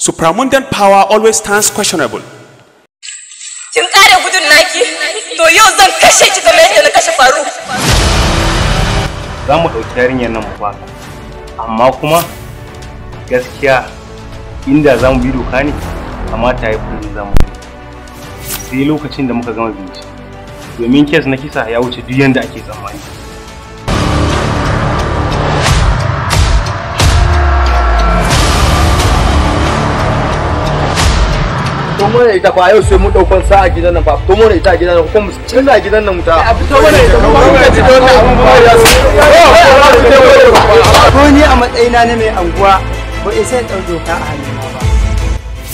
Supramundan power always stands questionable. Kin kare gudun naki, to yau zan kashe ki kamar yadda na kashe faru. Za mu ɗauki yarinyar nan mu amma kuma gaskiya inda za mu bi doka ne, kamata ya fi za mu Sai lokacin da muka gama bincike, domin kes na kisa ya wuce duk yadda ake tsammani. fito mana ita fa yau sai mu daukan sa a gidan nan fa fito mana ita a gidan nan kuma mu a gidan nan mu ta a fito mana ita kuma mu ji don abun ba ya ko ni a matsayina na mai anguwa ba isa dau doka a hannuna ba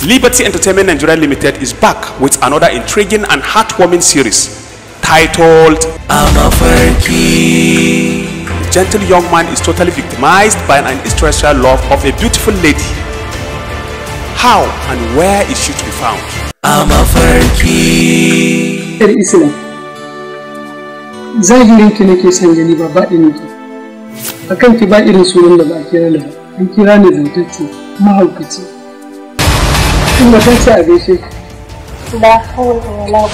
Liberty Entertainment Nigeria Limited is back with another intriguing and heartwarming series titled Amafarki. The gentle young man is totally victimized by an extraterrestrial love of a beautiful lady how and where is she to be found? I'm A mafarki. Yar Islam, zahirin ki nake son gani ba baɗinin ki. A kan ki ba irin sunan da ba a kira ni ba, an kira ni zautacce, mahaukaci. Kin ba ta ce a gaishe ki. La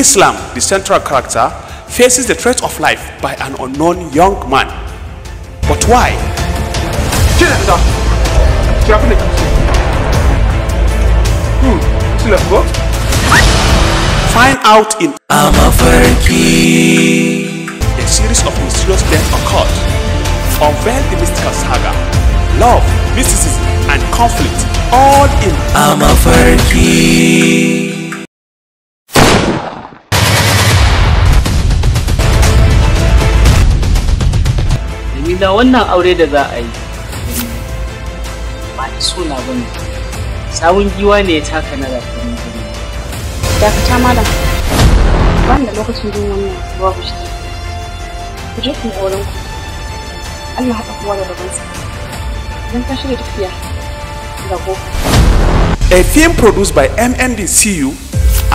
Islam, the central character, faces the threat of life by an unknown young man. But why? Kenarda Tu as appelé The Find out in Amavariki. A series of mysterious deaths occurred. Unveil the mystical saga. Love, mysticism, and conflict. All in Amavariki. da wannan aure da za a yi ba suna ba ne giwa ne ya taka na rafin gari dakata malam ba lokacin jin wannan babu shi ku je ku auren ku Allah haɗa kowa da rabansa idan ka shirya tafiya ga gobe A film produced by MNDCU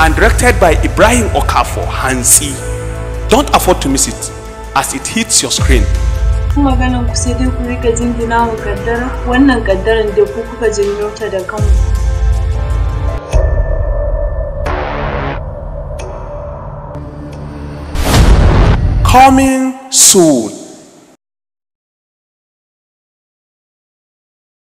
and directed by Ibrahim Okafor Hansi. Don't afford to miss it as it hits your screen kuma ganin ku sai dai ku rika jingina wa kaddara wannan kaddaran da ku kuka janyo ta da kanku. Coming soon.